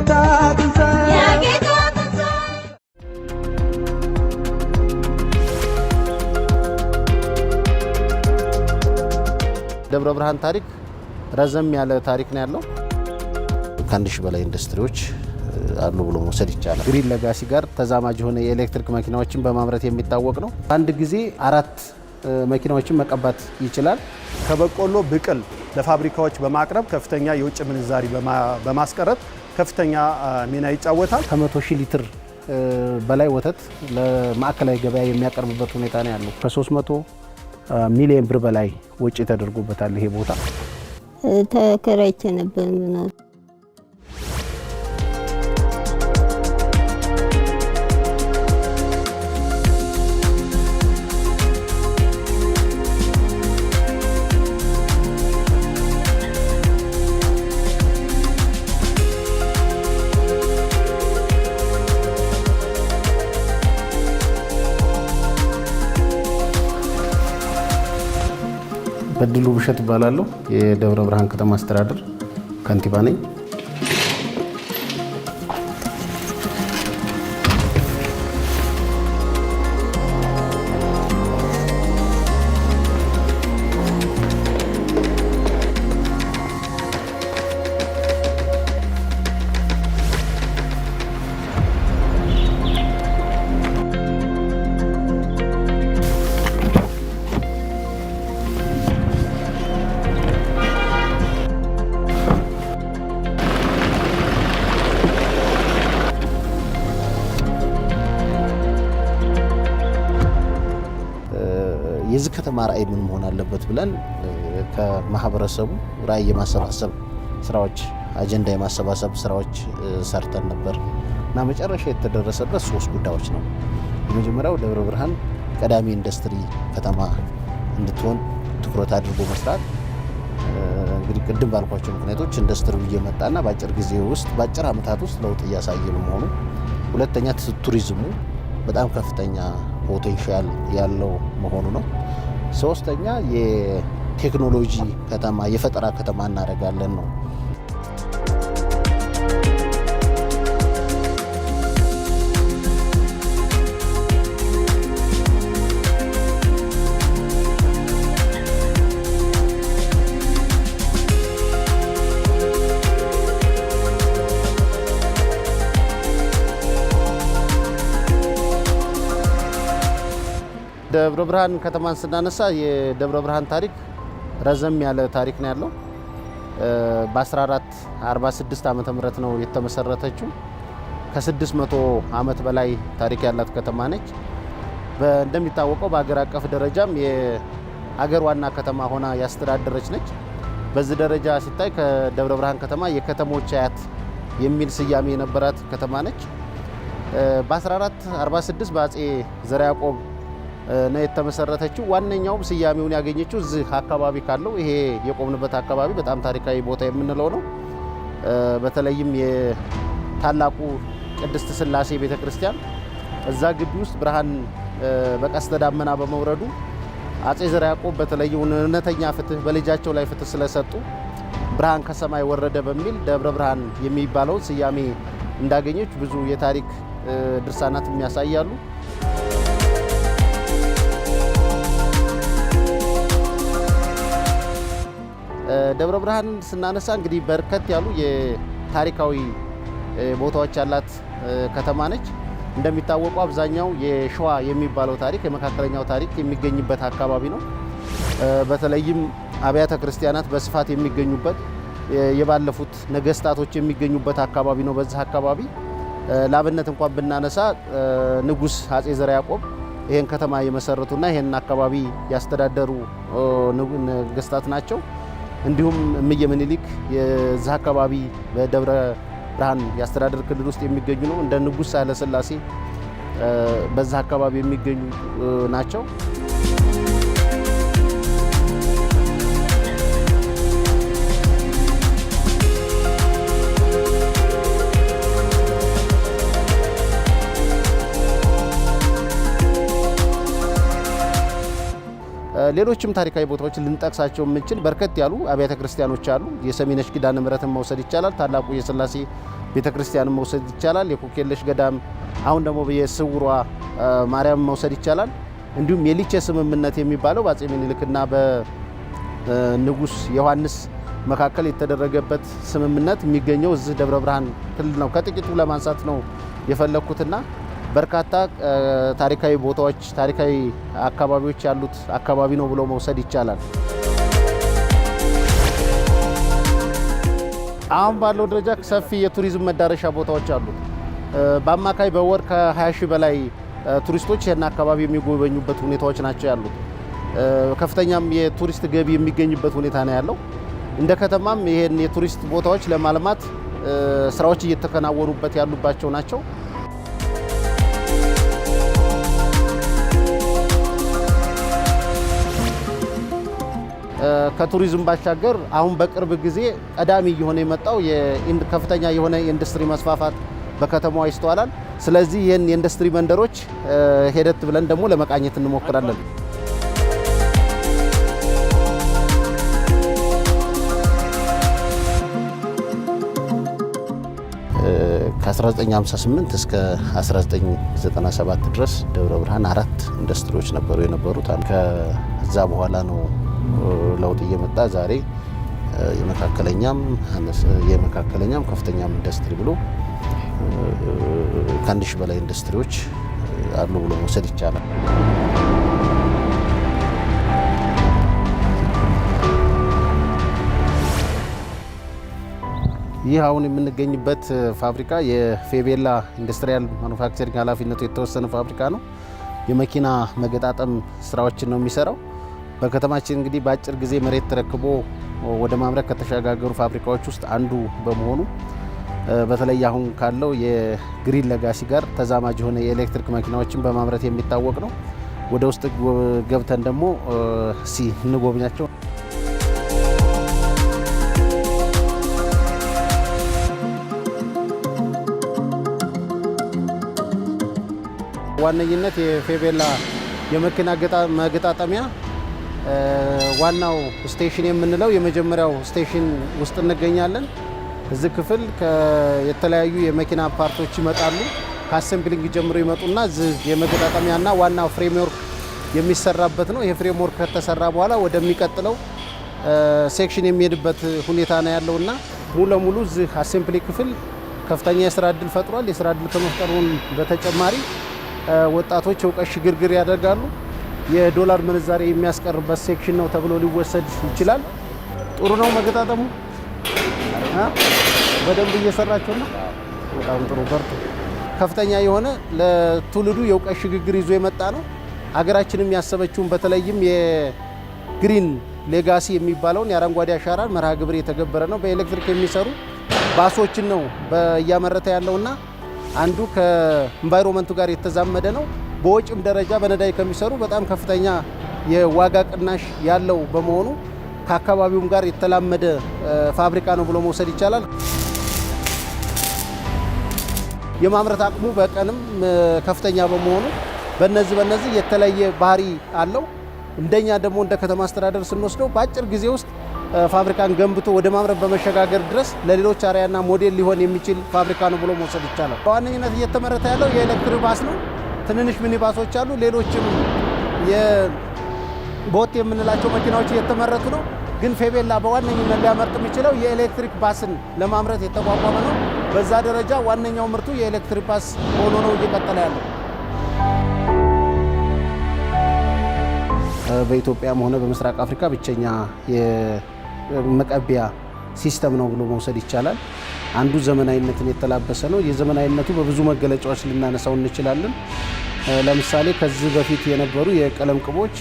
የጌታ ትንሣኤ ደብረ ብርሃን ታሪክ ረዘም ያለ ታሪክ ነው ያለው። ከአንድ ሺህ በላይ ኢንዱስትሪዎች አሉ ብሎ መውሰድ ይቻላል። ግሪን ለጋሲ ጋር ተዛማጅ የሆነ የኤሌክትሪክ መኪናዎችን በማምረት የሚታወቅ ነው። አንድ ጊዜ አራት መኪናዎችን መቀባት ይችላል። ከበቆሎ ብቅል ለፋብሪካዎች በማቅረብ ከፍተኛ የውጭ ምንዛሪ በማስቀረት ከፍተኛ ሚና ይጫወታል። ከመቶ ሺህ ሊትር በላይ ወተት ለማዕከላዊ ገበያ የሚያቀርብበት ሁኔታ ነው ያለው። ከ300 ሚሊዮን ብር በላይ ወጪ ተደርጎበታል ይሄ ቦታ። ተከራይቼ ነበር። በድሉ ብሸት እባላለሁ። የደብረ ብርሃን ከተማ አስተዳደር ከንቲባ ነኝ። ብለን ከማህበረሰቡ ራዕይ የማሰባሰብ ስራዎች፣ አጀንዳ የማሰባሰብ ስራዎች ሰርተን ነበር እና መጨረሻ የተደረሰበት ሶስት ጉዳዮች ነው። የመጀመሪያው ደብረ ብርሃን ቀዳሚ ኢንዱስትሪ ከተማ እንድትሆን ትኩረት አድርጎ መስራት እንግዲህ ቅድም ባልኳቸው ምክንያቶች ኢንዱስትሪው እየመጣና በአጭር ጊዜ ውስጥ በአጭር ዓመታት ውስጥ ለውጥ እያሳየ በመሆኑ፣ ሁለተኛ ቱሪዝሙ በጣም ከፍተኛ ፖቴንሻል ያለው መሆኑ ነው። ሶስተኛ የቴክኖሎጂ ከተማ የፈጠራ ከተማ እናደርጋለን ነው ደብረ ብርሃን ከተማን ስናነሳ የደብረ ብርሃን ታሪክ ረዘም ያለ ታሪክ ነው ያለው። በ1446 ዓ ም ነው የተመሰረተችው። ከ600 ዓመት በላይ ታሪክ ያላት ከተማ ነች። እንደሚታወቀው በሀገር አቀፍ ደረጃም የአገር ዋና ከተማ ሆና ያስተዳደረች ነች። በዚህ ደረጃ ሲታይ ከደብረ ብርሃን ከተማ የከተሞች አያት የሚል ስያሜ የነበራት ከተማ ነች። በ1446 በአጼ ዘርዓ ያዕቆብ ነው የተመሰረተችው። ዋነኛውም ስያሜውን ያገኘችው እዚህ አካባቢ ካለው ይሄ የቆምንበት አካባቢ በጣም ታሪካዊ ቦታ የምንለው ነው። በተለይም የታላቁ ቅድስት ስላሴ ቤተ ክርስቲያን እዛ ግቢ ውስጥ ብርሃን በቀስተ ዳመና በመውረዱ አፄ ዘርዓ ያዕቆብ በተለይ እውነተኛ ፍትህ በልጃቸው ላይ ፍትህ ስለሰጡ ብርሃን ከሰማይ ወረደ በሚል ደብረ ብርሃን የሚባለውን ስያሜ እንዳገኘች ብዙ የታሪክ ድርሳናት የሚያሳያሉ። ደብረ ብርሃን ስናነሳ እንግዲህ በርከት ያሉ የታሪካዊ ቦታዎች ያላት ከተማ ነች። እንደሚታወቀው አብዛኛው የሸዋ የሚባለው ታሪክ የመካከለኛው ታሪክ የሚገኝበት አካባቢ ነው። በተለይም አብያተ ክርስቲያናት በስፋት የሚገኙበት የባለፉት ነገስታቶች የሚገኙበት አካባቢ ነው። በዚህ አካባቢ ለአብነት እንኳን ብናነሳ ንጉስ አጼ ዘርዓ ያዕቆብ ይህን ከተማ የመሰረቱና ይህን አካባቢ ያስተዳደሩ ነገስታት ናቸው። እንዲሁም እምዬ ምኒልክ የዛ አካባቢ በደብረ ብርሃን የአስተዳደር ክልል ውስጥ የሚገኙ ነው። እንደ ንጉሥ ኃይለሥላሴ በዛ አካባቢ የሚገኙ ናቸው። ሌሎችም ታሪካዊ ቦታዎችን ልንጠቅሳቸው የምንችል በርከት ያሉ አብያተ ክርስቲያኖች አሉ። የሰሚነሽ ኪዳነ ምሕረትን መውሰድ ይቻላል። ታላቁ የስላሴ ቤተ ክርስቲያንን መውሰድ ይቻላል። የኮኬለሽ ገዳም፣ አሁን ደግሞ የስውሯ ማርያም መውሰድ ይቻላል። እንዲሁም የሊቼ ስምምነት የሚባለው በአፄ ምኒልክና በንጉስ ዮሐንስ መካከል የተደረገበት ስምምነት የሚገኘው እዚህ ደብረ ብርሃን ክልል ነው። ከጥቂቱ ለማንሳት ነው የፈለግኩትና በርካታ ታሪካዊ ቦታዎች፣ ታሪካዊ አካባቢዎች ያሉት አካባቢ ነው ብሎ መውሰድ ይቻላል። አሁን ባለው ደረጃ ሰፊ የቱሪዝም መዳረሻ ቦታዎች አሉት። በአማካይ በወር ከ20 ሺህ በላይ ቱሪስቶች ይህን አካባቢ የሚጎበኙበት ሁኔታዎች ናቸው ያሉት። ከፍተኛም የቱሪስት ገቢ የሚገኝበት ሁኔታ ነው ያለው። እንደ ከተማም ይህን የቱሪስት ቦታዎች ለማልማት ስራዎች እየተከናወኑበት ያሉባቸው ናቸው። ከቱሪዝም ባሻገር አሁን በቅርብ ጊዜ ቀዳሚ እየሆነ የመጣው ከፍተኛ የሆነ የኢንዱስትሪ መስፋፋት በከተማዋ ይስተዋላል። ስለዚህ ይህን የኢንዱስትሪ መንደሮች ሄደት ብለን ደግሞ ለመቃኘት እንሞክራለን። ከ1958 እስከ 1997 ድረስ ደብረ ብርሃን አራት ኢንዱስትሪዎች ነበሩ የነበሩት። ከዛ በኋላ ነው ለውጥ እየመጣ ዛሬ የመካከለኛም የመካከለኛም ከፍተኛም ኢንዱስትሪ ብሎ ከአንድ ሺህ በላይ ኢንዱስትሪዎች አሉ ብሎ መውሰድ ይቻላል። ይህ አሁን የምንገኝበት ፋብሪካ የፌቤላ ኢንዱስትሪያል ማኑፋክቸሪንግ ኃላፊነቱ የተወሰነ ፋብሪካ ነው። የመኪና መገጣጠም ስራዎችን ነው የሚሰራው። በከተማችን እንግዲህ በአጭር ጊዜ መሬት ተረክቦ ወደ ማምረት ከተሸጋገሩ ፋብሪካዎች ውስጥ አንዱ በመሆኑ በተለይ አሁን ካለው የግሪን ለጋሲ ጋር ተዛማጅ የሆነ የኤሌክትሪክ መኪናዎችን በማምረት የሚታወቅ ነው። ወደ ውስጥ ገብተን ደግሞ ሲ እንጎብኛቸው። ዋነኝነት የፌቤላ የመኪና መገጣጠሚያ ዋናው ስቴሽን የምንለው የመጀመሪያው ስቴሽን ውስጥ እንገኛለን። እዚህ ክፍል የተለያዩ የመኪና ፓርቶች ይመጣሉ። ከአሰምብሊንግ ጀምሮ ይመጡና እዚህ የመገጣጠሚያና ዋና ፍሬምወርክ የሚሰራበት ነው። ይህ ፍሬምወርክ ከተሰራ በኋላ ወደሚቀጥለው ሴክሽን የሚሄድበት ሁኔታ ነው ያለውና ሙሉ ለሙሉ እዚህ አሴምፕሊ ክፍል ከፍተኛ የስራ እድል ፈጥሯል። የስራ እድል ከመፍጠሩን በተጨማሪ ወጣቶች እውቀት ሽግግር ያደርጋሉ። የዶላር ምንዛሬ የሚያስቀርበት ሴክሽን ነው ተብሎ ሊወሰድ ይችላል። ጥሩ ነው መገጣጠሙ። በደንብ እየሰራቸው ነው። በጣም ጥሩ በርቱ። ከፍተኛ የሆነ ለትውልዱ የእውቀት ሽግግር ይዞ የመጣ ነው። ሀገራችንም ያሰበችውን በተለይም የግሪን ሌጋሲ የሚባለውን የአረንጓዴ አሻራ መርሃ ግብር የተገበረ ነው። በኤሌክትሪክ የሚሰሩ ባሶችን ነው እያመረተ ያለውና አንዱ ከኢንቫይሮመንቱ ጋር የተዛመደ ነው። በወጪም ደረጃ በነዳጅ ከሚሰሩ በጣም ከፍተኛ የዋጋ ቅናሽ ያለው በመሆኑ ከአካባቢውም ጋር የተላመደ ፋብሪካ ነው ብሎ መውሰድ ይቻላል። የማምረት አቅሙ በቀንም ከፍተኛ በመሆኑ በነዚህ በነዚህ የተለየ ባህሪ አለው። እንደኛ ደግሞ እንደ ከተማ አስተዳደር ስንወስደው በአጭር ጊዜ ውስጥ ፋብሪካን ገንብቶ ወደ ማምረት በመሸጋገር ድረስ ለሌሎች አሪያና ሞዴል ሊሆን የሚችል ፋብሪካ ነው ብሎ መውሰድ ይቻላል። በዋነኝነት እየተመረተ ያለው የኤሌክትሪክ ባስ ነው። ትንንሽ ሚኒባሶች አሉ። ሌሎችም የቦት የምንላቸው መኪናዎች እየተመረቱ ነው። ግን ፌቤላ በዋነኝነት ሊያመርጥ የሚችለው የኤሌክትሪክ ባስን ለማምረት የተቋቋመ ነው። በዛ ደረጃ ዋነኛው ምርቱ የኤሌክትሪክ ባስ ሆኖ ነው እየቀጠለ ያለው። በኢትዮጵያም ሆነ በምስራቅ አፍሪካ ብቸኛ የመቀቢያ ሲስተም ነው ብሎ መውሰድ ይቻላል። አንዱ ዘመናዊነትን የተላበሰ ነው። የዘመናዊነቱ በብዙ መገለጫዎች ልናነሳው እንችላለን። ለምሳሌ ከዚህ በፊት የነበሩ የቀለም ቅቦች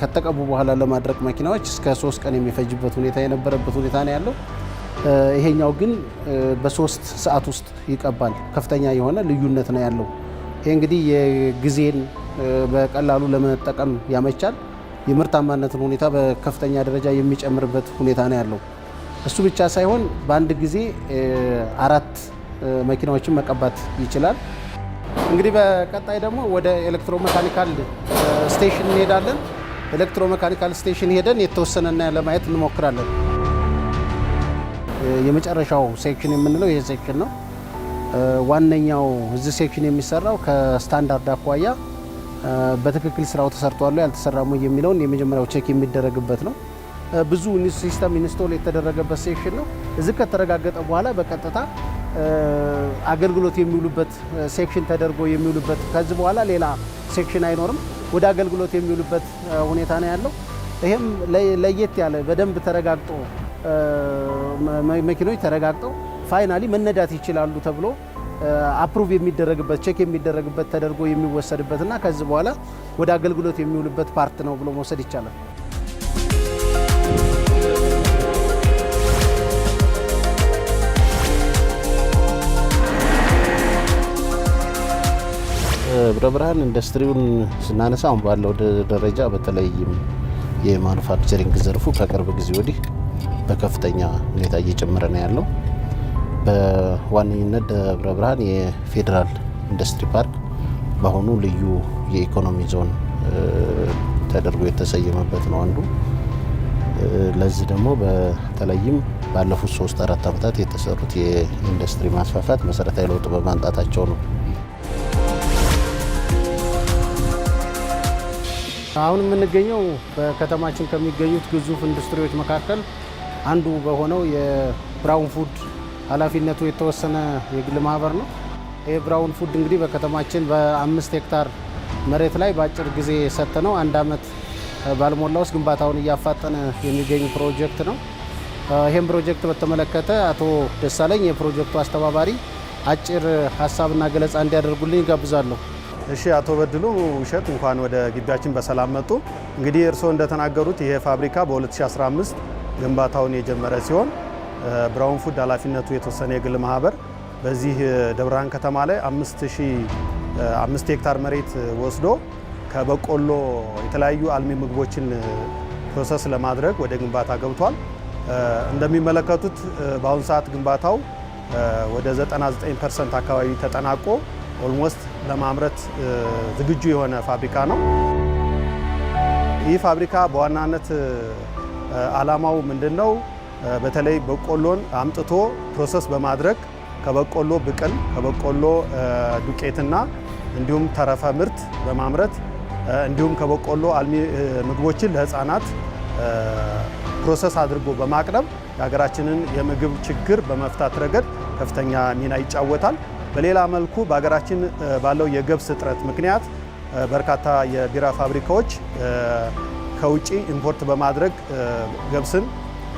ከተቀቡ በኋላ ለማድረቅ መኪናዎች እስከ ሶስት ቀን የሚፈጅበት ሁኔታ የነበረበት ሁኔታ ነው ያለው። ይሄኛው ግን በሶስት ሰዓት ውስጥ ይቀባል። ከፍተኛ የሆነ ልዩነት ነው ያለው። ይህ እንግዲህ የጊዜን በቀላሉ ለመጠቀም ያመቻል። የምርታማነትን ሁኔታ በከፍተኛ ደረጃ የሚጨምርበት ሁኔታ ነው ያለው። እሱ ብቻ ሳይሆን በአንድ ጊዜ አራት መኪናዎችን መቀባት ይችላል። እንግዲህ በቀጣይ ደግሞ ወደ ኤሌክትሮሜካኒካል ስቴሽን እንሄዳለን። ኤሌክትሮሜካኒካል ስቴሽን ሄደን የተወሰነና ለማየት እንሞክራለን። የመጨረሻው ሴክሽን የምንለው ይሄ ሴክሽን ነው። ዋነኛው እዚህ ሴክሽን የሚሰራው ከስታንዳርድ አኳያ በትክክል ስራው ተሰርቷል ያልተሰራሙ የሚለውን የመጀመሪያው ቼክ የሚደረግበት ነው። ብዙ ሲስተም ኢንስቶል የተደረገበት ሴክሽን ነው። እዚህ ከተረጋገጠ በኋላ በቀጥታ አገልግሎት የሚውሉበት ሴክሽን ተደርጎ የሚውሉበት ከዚህ በኋላ ሌላ ሴክሽን አይኖርም። ወደ አገልግሎት የሚውሉበት ሁኔታ ነው ያለው። ይህም ለየት ያለ በደንብ ተረጋግጦ መኪኖች ተረጋግጠው ፋይናሊ መነዳት ይችላሉ ተብሎ አፕሩቭ የሚደረግበት ቼክ የሚደረግበት ተደርጎ የሚወሰድበት እና ከዚህ በኋላ ወደ አገልግሎት የሚውልበት ፓርት ነው ብሎ መውሰድ ይቻላል። ደብረ ብርሃን ኢንዱስትሪውን ስናነሳ አሁን ባለው ደረጃ በተለይም የማኑፋክቸሪንግ ዘርፉ ከቅርብ ጊዜ ወዲህ በከፍተኛ ሁኔታ እየጨመረ ነው ያለው። በዋነኝነት ደብረ ብርሃን የፌዴራል ኢንዱስትሪ ፓርክ በአሁኑ ልዩ የኢኮኖሚ ዞን ተደርጎ የተሰየመበት ነው አንዱ። ለዚህ ደግሞ በተለይም ባለፉት ሶስት አራት ዓመታት የተሰሩት የኢንዱስትሪ ማስፋፋት መሰረታዊ ለውጥ በማምጣታቸው ነው። አሁን የምንገኘው በከተማችን ከሚገኙት ግዙፍ ኢንዱስትሪዎች መካከል አንዱ በሆነው የብራውን ፉድ ኃላፊነቱ የተወሰነ የግል ማህበር ነው። ይህ ብራውን ፉድ እንግዲህ በከተማችን በአምስት ሄክታር መሬት ላይ በአጭር ጊዜ የሰጠ ነው። አንድ ዓመት ባልሞላ ውስጥ ግንባታውን እያፋጠነ የሚገኝ ፕሮጀክት ነው። ይህም ፕሮጀክት በተመለከተ አቶ ደሳለኝ የፕሮጀክቱ አስተባባሪ አጭር ሀሳብና ገለጻ እንዲያደርጉልኝ ይጋብዛለሁ። እሺ አቶ በድሉ ውሸት እንኳን ወደ ግቢያችን በሰላም መጡ። እንግዲህ እርስዎ እንደተናገሩት ይሄ ፋብሪካ በ2015 ግንባታውን የጀመረ ሲሆን ብራውን ፉድ ኃላፊነቱ የተወሰነ የግል ማህበር በዚህ ደብረብርሃን ከተማ ላይ 5 ሄክታር መሬት ወስዶ ከበቆሎ የተለያዩ አልሚ ምግቦችን ፕሮሰስ ለማድረግ ወደ ግንባታ ገብቷል። እንደሚመለከቱት በአሁኑ ሰዓት ግንባታው ወደ 99 ፐርሰንት አካባቢ ተጠናቆ ኦልሞስት ለማምረት ዝግጁ የሆነ ፋብሪካ ነው። ይህ ፋብሪካ በዋናነት ዓላማው ምንድን ነው? በተለይ በቆሎን አምጥቶ ፕሮሰስ በማድረግ ከበቆሎ ብቅል፣ ከበቆሎ ዱቄትና እንዲሁም ተረፈ ምርት በማምረት እንዲሁም ከበቆሎ አልሚ ምግቦችን ለሕፃናት ፕሮሰስ አድርጎ በማቅረብ የሀገራችንን የምግብ ችግር በመፍታት ረገድ ከፍተኛ ሚና ይጫወታል። በሌላ መልኩ በሀገራችን ባለው የገብስ እጥረት ምክንያት በርካታ የቢራ ፋብሪካዎች ከውጭ ኢምፖርት በማድረግ ገብስን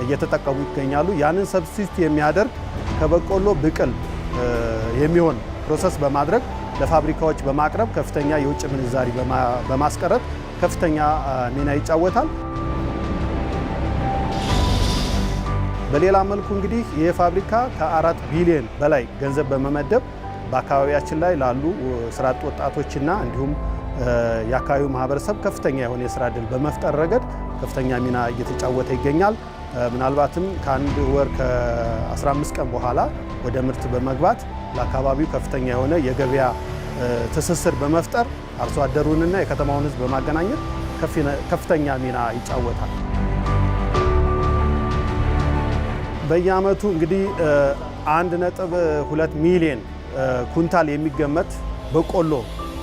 እየተጠቀሙ ይገኛሉ። ያንን ሰብስቲት የሚያደርግ ከበቆሎ ብቅል የሚሆን ፕሮሰስ በማድረግ ለፋብሪካዎች በማቅረብ ከፍተኛ የውጭ ምንዛሪ በማስቀረት ከፍተኛ ሚና ይጫወታል። በሌላ መልኩ እንግዲህ ይህ ፋብሪካ ከአራት ቢሊዮን በላይ ገንዘብ በመመደብ በአካባቢያችን ላይ ላሉ ስራ አጥ ወጣቶችና እንዲሁም የአካባቢው ማህበረሰብ ከፍተኛ የሆነ የስራ እድል በመፍጠር ረገድ ከፍተኛ ሚና እየተጫወተ ይገኛል። ምናልባትም ከአንድ ወር ከ15 ቀን በኋላ ወደ ምርት በመግባት ለአካባቢው ከፍተኛ የሆነ የገበያ ትስስር በመፍጠር አርሶ አደሩንና የከተማውን ሕዝብ በማገናኘት ከፍተኛ ሚና ይጫወታል። በየአመቱ እንግዲህ አንድ ነጥብ ሁለት ሚሊየን ኩንታል የሚገመት በቆሎ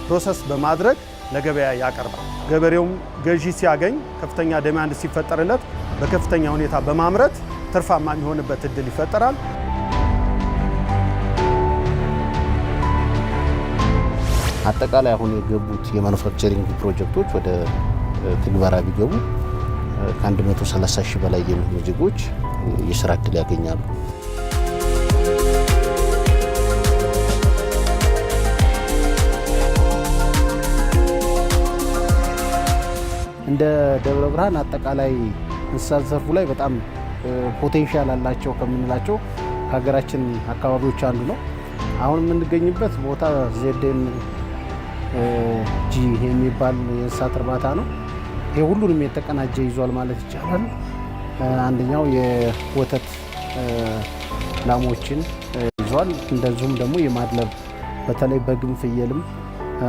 ፕሮሰስ በማድረግ ለገበያ ያቀርባል። ገበሬውም ገዢ ሲያገኝ ከፍተኛ ደማንድ ሲፈጠርለት በከፍተኛ ሁኔታ በማምረት ትርፋማ የሚሆንበት እድል ይፈጠራል። አጠቃላይ አሁን የገቡት የማኑፋክቸሪንግ ፕሮጀክቶች ወደ ትግበራ ቢገቡ ከ130 ሺህ በላይ የሚሆኑ ዜጎች የስራ እድል ያገኛሉ። እንደ ደብረ ብርሃን አጠቃላይ እንስሳት ዘርፉ ላይ በጣም ፖቴንሻል አላቸው ከምንላቸው ከሀገራችን አካባቢዎች አንዱ ነው። አሁን የምንገኝበት ቦታ ዜድን ጂ የሚባል የእንስሳት እርባታ ነው። ይህ ሁሉንም የተቀናጀ ይዟል ማለት ይቻላል። አንደኛው የወተት ላሞችን ይዟል። እንደዚሁም ደግሞ የማድለብ በተለይ በግም ፍየልም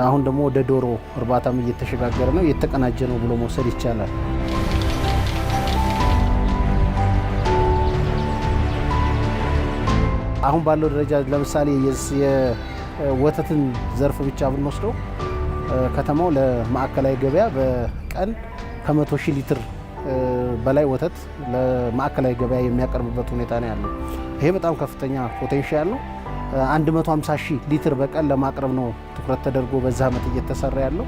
አሁን ደግሞ ወደ ዶሮ እርባታም እየተሸጋገረ ነው። እየተቀናጀ ነው ብሎ መውሰድ ይቻላል። አሁን ባለው ደረጃ ለምሳሌ የወተትን ዘርፍ ብቻ ብንወስደው ከተማው ለማዕከላዊ ገበያ በቀን ከመቶ ሺህ ሊትር በላይ ወተት ለማዕከላዊ ገበያ የሚያቀርብበት ሁኔታ ነው ያለው። ይሄ በጣም ከፍተኛ ፖቴንሻል ነው። 150 ሺህ ሊትር በቀን ለማቅረብ ነው ትኩረት ተደርጎ በዛ አመት እየተሰራ ያለው።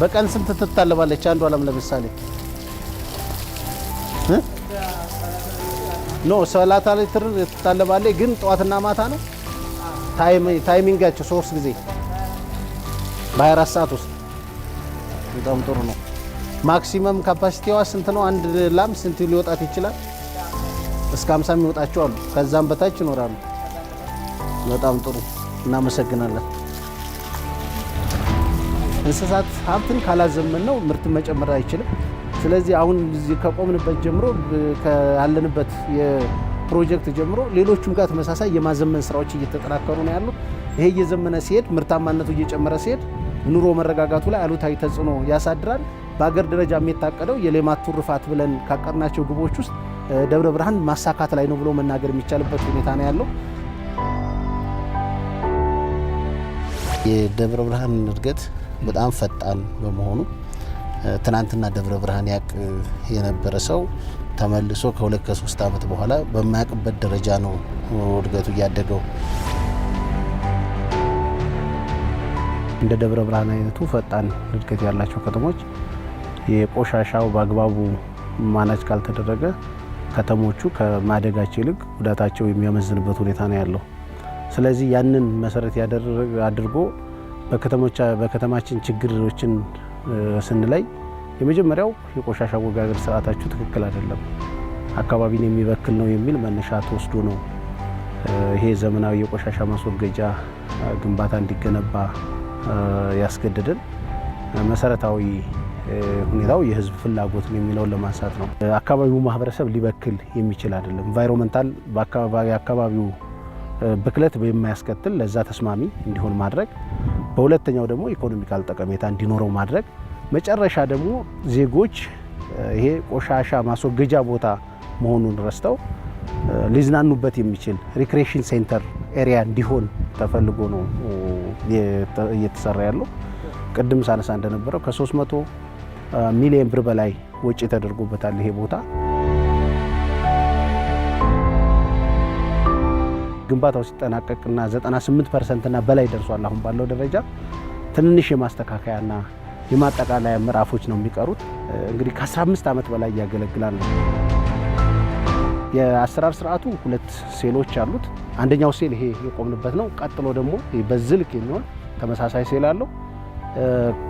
በቀን ስንት ትታለባለች? አንዱ አለም ለምሳሌ ኖ ሰላሳ ሊትር ትታለባለ፣ ግን ጠዋትና ማታ ነው ታይሚንጋቸው፣ ሶስት ጊዜ በ24 ሰዓት ውስጥ በጣም ጥሩ ነው። ማክሲመም ካፓሲቲዋ ስንት ነው? አንድ ላም ስንት ሊወጣት ይችላል? እስከ 50 የሚወጣቸው አሉ። ከዛም በታች ይኖራሉ። በጣም ጥሩ እናመሰግናለን። እንስሳት ሀብትን ካላዘመን ነው ምርትን መጨመር አይችልም። ስለዚህ አሁን ከቆምንበት ጀምሮ ያለንበት የፕሮጀክት ጀምሮ ሌሎቹም ጋር ተመሳሳይ የማዘመን ስራዎች እየተጠናከሩ ነው ያሉት። ይሄ እየዘመነ ሲሄድ ምርታማነቱ እየጨመረ ሲሄድ ኑሮ መረጋጋቱ ላይ አሉታዊ ተጽዕኖ ያሳድራል። በአገር ደረጃ የሚታቀደው የሌማት ትሩፋት ብለን ካቀድናቸው ግቦች ውስጥ ደብረ ብርሃን ማሳካት ላይ ነው ብሎ መናገር የሚቻልበት ሁኔታ ነው ያለው። የደብረ ብርሃን እድገት በጣም ፈጣን በመሆኑ ትናንትና ደብረ ብርሃን ያቅ የነበረ ሰው ተመልሶ ከሁለት ከሶስት ዓመት በኋላ በማያውቅበት ደረጃ ነው እድገቱ እያደገው። እንደ ደብረ ብርሃን አይነቱ ፈጣን እድገት ያላቸው ከተሞች የቆሻሻው በአግባቡ ማናጅ ካልተደረገ ከተሞቹ ከማደጋቸው ይልቅ ጉዳታቸው የሚያመዝንበት ሁኔታ ነው ያለው። ስለዚህ ያንን መሰረት አድርጎ በከተማችን ችግሮችን ስንለይ የመጀመሪያው የቆሻሻ አወጋገድ ስርዓታችሁ ትክክል አይደለም፣ አካባቢን የሚበክል ነው የሚል መነሻ ተወስዶ ነው ይሄ ዘመናዊ የቆሻሻ ማስወገጃ ግንባታ እንዲገነባ ያስገደደን። መሰረታዊ ሁኔታው የህዝብ ፍላጎት የሚለውን ለማንሳት ነው። አካባቢው ማህበረሰብ ሊበክል የሚችል አይደለም። ኢንቫይሮንመንታል የአካባቢው ብክለት የማያስከትል ለዛ ተስማሚ እንዲሆን ማድረግ፣ በሁለተኛው ደግሞ ኢኮኖሚካል ጠቀሜታ እንዲኖረው ማድረግ፣ መጨረሻ ደግሞ ዜጎች ይሄ ቆሻሻ ማስወገጃ ቦታ መሆኑን ረስተው ሊዝናኑበት የሚችል ሪክሬሽን ሴንተር ኤሪያ እንዲሆን ተፈልጎ ነው እየተሰራ ያለው። ቅድም ሳነሳ እንደነበረው ከ300 ሚሊዮን ብር በላይ ወጪ ተደርጎበታል ይሄ ቦታ። ግንባታው ሲጠናቀቅና 98 ፐርሰንትና በላይ ደርሷል። አሁን ባለው ደረጃ ትንንሽ የማስተካከያና የማጠቃለያ ምዕራፎች ነው የሚቀሩት። እንግዲህ ከ15 ዓመት በላይ ነው። የአሰራር ስርዓቱ ሁለት ሴሎች አሉት። አንደኛው ሴል ይሄ የቆምንበት ነው። ቀጥሎ ደግሞ በዝልክ ልክ የሚሆን ተመሳሳይ ሴል አለው።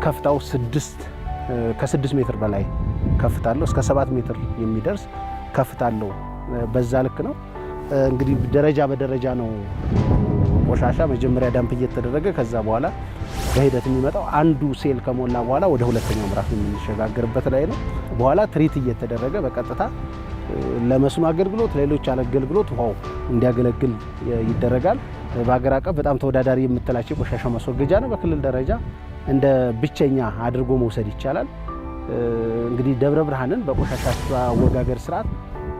ከፍታው ስድስት ከስድስት ሜትር በላይ ከፍታለው እስከ ሰባት ሜትር የሚደርስ ከፍታለው በዛ ልክ ነው። እንግዲህ ደረጃ በደረጃ ነው ቆሻሻ መጀመሪያ ዳምፕ እየተደረገ ከዛ በኋላ በሂደት የሚመጣው አንዱ ሴል ከሞላ በኋላ ወደ ሁለተኛው ምዕራፍ የምንሸጋገርበት ላይ ነው። በኋላ ትሪት እየተደረገ በቀጥታ ለመስኖ አገልግሎት፣ ለሌሎች አገልግሎት ውሃው እንዲያገለግል ይደረጋል። በሀገር አቀፍ በጣም ተወዳዳሪ የምትላቸው የቆሻሻ ማስወገጃ ነው። በክልል ደረጃ እንደ ብቸኛ አድርጎ መውሰድ ይቻላል። እንግዲህ ደብረ ብርሃንን በቆሻሻ አወጋገር ስርዓት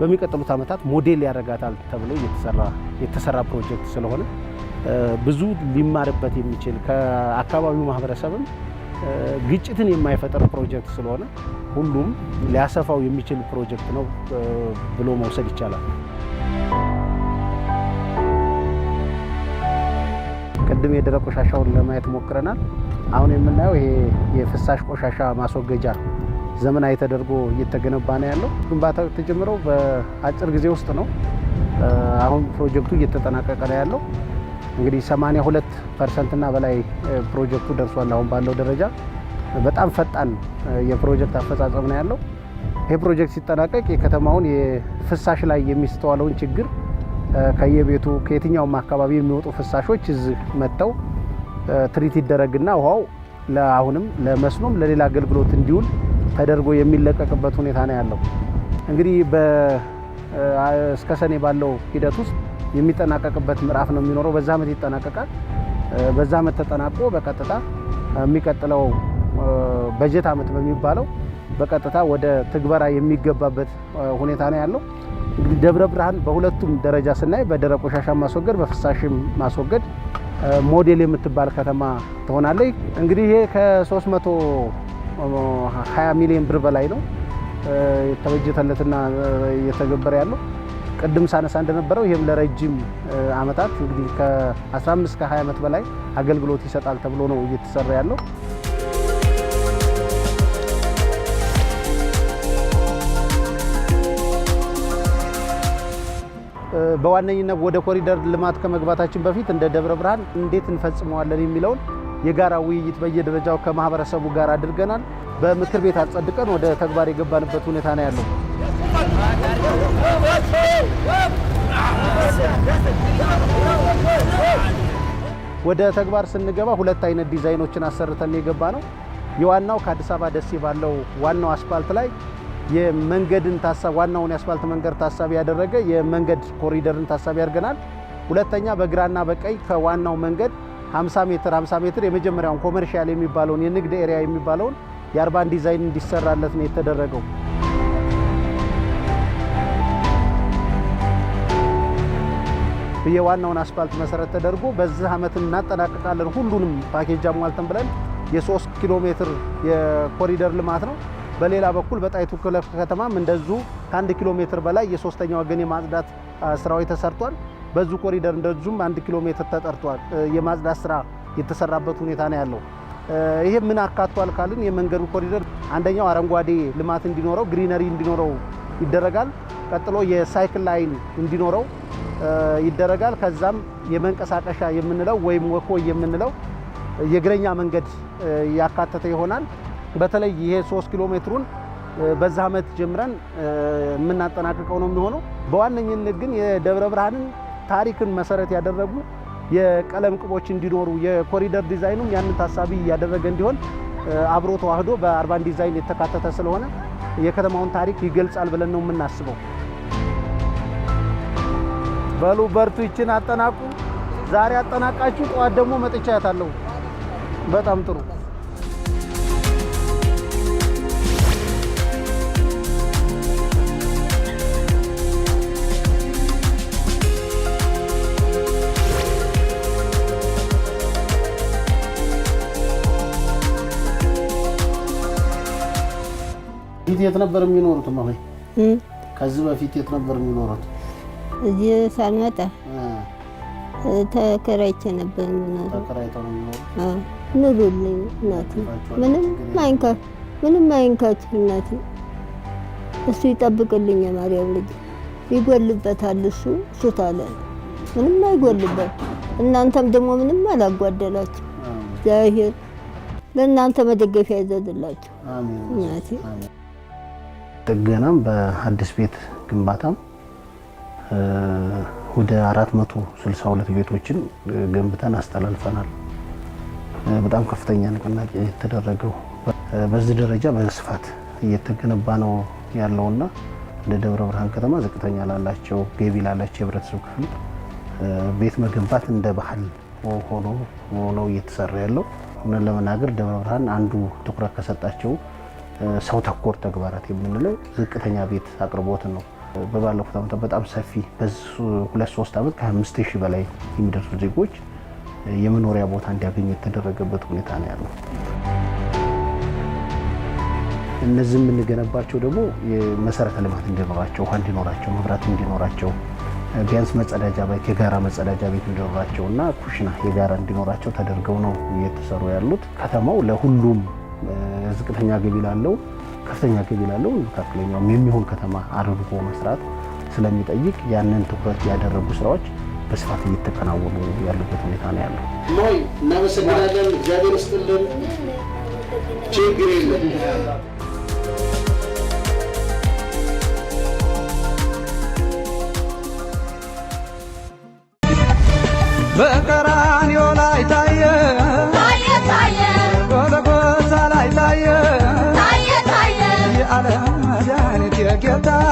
በሚቀጥሉት ዓመታት ሞዴል ያደርጋታል ተብሎ የተሰራ ፕሮጀክት ስለሆነ ብዙ ሊማርበት የሚችል ከአካባቢው ማህበረሰብም ግጭትን የማይፈጥር ፕሮጀክት ስለሆነ ሁሉም ሊያሰፋው የሚችል ፕሮጀክት ነው ብሎ መውሰድ ይቻላል። ቅድም የደረቅ ቆሻሻውን ለማየት ሞክረናል። አሁን የምናየው ይሄ የፍሳሽ ቆሻሻ ማስወገጃ ዘመናዊ ተደርጎ እየተገነባ ነው ያለው። ግንባታው የተጀመረው በአጭር ጊዜ ውስጥ ነው። አሁን ፕሮጀክቱ እየተጠናቀቀ ነው ያለው። እንግዲህ 82 ፐርሰንትና በላይ ፕሮጀክቱ ደርሷል። አሁን ባለው ደረጃ በጣም ፈጣን የፕሮጀክት አፈጻጸም ነው ያለው። ይህ ፕሮጀክት ሲጠናቀቅ የከተማውን የፍሳሽ ላይ የሚስተዋለውን ችግር ከየቤቱ ከየትኛውም አካባቢ የሚወጡ ፍሳሾች እዚህ መጥተው ትሪት ይደረግና ውሃው ለአሁንም ለመስኖም ለሌላ አገልግሎት እንዲውል ተደርጎ የሚለቀቅበት ሁኔታ ነው ያለው። እንግዲህ እስከ ሰኔ ባለው ሂደት ውስጥ የሚጠናቀቅበት ምዕራፍ ነው የሚኖረው። በዛ ዓመት ይጠናቀቃል። በዛ ዓመት ተጠናቆ በቀጥታ የሚቀጥለው በጀት ዓመት በሚባለው በቀጥታ ወደ ትግበራ የሚገባበት ሁኔታ ነው ያለው። እንግዲህ ደብረ ብርሃን በሁለቱም ደረጃ ስናይ በደረቅ ቆሻሻ ማስወገድ፣ በፍሳሽም ማስወገድ ሞዴል የምትባል ከተማ ትሆናለች። እንግዲህ ይሄ ከ300 20 ሚሊዮን ብር በላይ ነው የተበጀተለትና እየተገበረ ያለው። ቅድም ሳነሳ እንደነበረው ይህም ለረጅም ዓመታት እንግዲህ ከ15 እስከ 20 ዓመት በላይ አገልግሎት ይሰጣል ተብሎ ነው እየተሰራ ያለው። በዋነኝነት ወደ ኮሪደር ልማት ከመግባታችን በፊት እንደ ደብረ ብርሃን እንዴት እንፈጽመዋለን የሚለውን የጋራ ውይይት በየደረጃው ከማህበረሰቡ ጋር አድርገናል። በምክር ቤት አጸድቀን ወደ ተግባር የገባንበት ሁኔታ ነው ያለው። ወደ ተግባር ስንገባ ሁለት አይነት ዲዛይኖችን አሰርተን የገባ ነው። የዋናው ከአዲስ አበባ ደሴ ባለው ዋናው አስፓልት ላይ የመንገድን ታሳቢ ዋናውን የአስፋልት መንገድ ታሳቢ ያደረገ የመንገድ ኮሪደርን ታሳቢ ያደርገናል። ሁለተኛ በግራና በቀኝ ከዋናው መንገድ 50 ሜትር 50 ሜትር የመጀመሪያውን ኮመርሻል የሚባለውን የንግድ ኤሪያ የሚባለውን የአርባን ዲዛይን እንዲሰራለት ነው የተደረገው። የዋናውን አስፋልት መሰረት ተደርጎ በዚህ ዓመት እናጠናቀቃለን። ሁሉንም ፓኬጅ አሟልተን ብለን የሶስት ኪሎ ሜትር የኮሪደር ልማት ነው። በሌላ በኩል በጣይቱ ክፍለ ከተማም እንደዚሁ ከአንድ ኪሎ ሜትር በላይ የሶስተኛ ወገን የማጽዳት ስራዎች ተሰርቷል። በዙ ኮሪደር እንደዙም አንድ ኪሎ ሜትር ተጠርቷል። የማጽዳት ስራ የተሰራበት ሁኔታ ነው ያለው። ይሄ ምን አካቷል ካልን የመንገዱ ኮሪደር አንደኛው አረንጓዴ ልማት እንዲኖረው ግሪነሪ እንዲኖረው ይደረጋል። ቀጥሎ የሳይክል ላይን እንዲኖረው ይደረጋል። ከዛም የመንቀሳቀሻ የምንለው ወይም ወኮ የምንለው የእግረኛ መንገድ ያካተተ ይሆናል። በተለይ ይሄ ሶስት ኪሎ ሜትሩን በዛ አመት ጀምረን የምናጠናቅቀው ነው የሚሆነው። በዋነኝነት ግን የደብረ ብርሃንን ታሪክን መሰረት ያደረጉ የቀለም ቅቦች እንዲኖሩ የኮሪደር ዲዛይኑም ያንን ታሳቢ ያደረገ እንዲሆን አብሮ ተዋህዶ በአርባን ዲዛይን የተካተተ ስለሆነ የከተማውን ታሪክ ይገልጻል ብለን ነው የምናስበው። በሉ በርቱ፣ ይችን አጠናቁ። ዛሬ አጠናቃችሁ ጠዋት ደግሞ መጥቻያታለሁ። በጣም ጥሩ የት ነበር የሚኖሩት? እማሆይ ከዚህ በፊት የት ነበር የሚኖሩት? እዚህ ሳልመጣ ተከራይቼ ነበር የሚኖሩት። ኑሩልኝ ምንም አይንካ፣ ምንም አይንካችሁ እናቴ። እሱ ይጠብቅልኝ የማርያም ልጅ። ይጎልበታል እሱ ሱታለ ምንም አይጎልበት። እናንተም ደግሞ ምንም አላጓደላችሁ። እግዚአብሔር ለእናንተ መደገፊያ ይዘዝላችሁ። አሜን። ጥገናም በአዲስ ቤት ግንባታም ወደ 462 ቤቶችን ገንብተን አስተላልፈናል። በጣም ከፍተኛ ንቅናቄ የተደረገው በዚህ ደረጃ በስፋት እየተገነባ ነው ያለውና እንደ ደብረ ብርሃን ከተማ ዝቅተኛ ላላቸው ገቢ ላላቸው የህብረተሰብ ክፍል ቤት መገንባት እንደ ባህል ሆኖ ነው እየተሰራ ያለው። እውነት ለመናገር ደብረ ብርሃን አንዱ ትኩረት ከሰጣቸው ሰው ተኮር ተግባራት የምንለው ዝቅተኛ ቤት አቅርቦትን ነው። በባለፉት ዓመታት በጣም ሰፊ ሁለት ሶስት ዓመት ከአምስት ሺህ በላይ የሚደርሱ ዜጎች የመኖሪያ ቦታ እንዲያገኙ የተደረገበት ሁኔታ ነው ያለው። እነዚህ የምንገነባቸው ደግሞ መሰረተ ልማት እንዲኖራቸው፣ ውሃ እንዲኖራቸው፣ መብራት እንዲኖራቸው፣ ቢያንስ መጸዳጃ ቤት የጋራ መጸዳጃ ቤት እንዲኖራቸው እና ኩሽና የጋራ እንዲኖራቸው ተደርገው ነው እየተሰሩ ያሉት ከተማው ለሁሉም ዝቅተኛ ገቢ ላለው ከፍተኛ ገቢ ላለው መካከለኛውም የሚሆን ከተማ አድርጎ መስራት ስለሚጠይቅ ያንን ትኩረት ያደረጉ ስራዎች በስፋት እየተከናወኑ ያሉበት ሁኔታ ነው ያለው። ሞይ እናመሰግናለን። እግዚአብሔር ይስጥልን። ችግር የለም። በቀር verdad.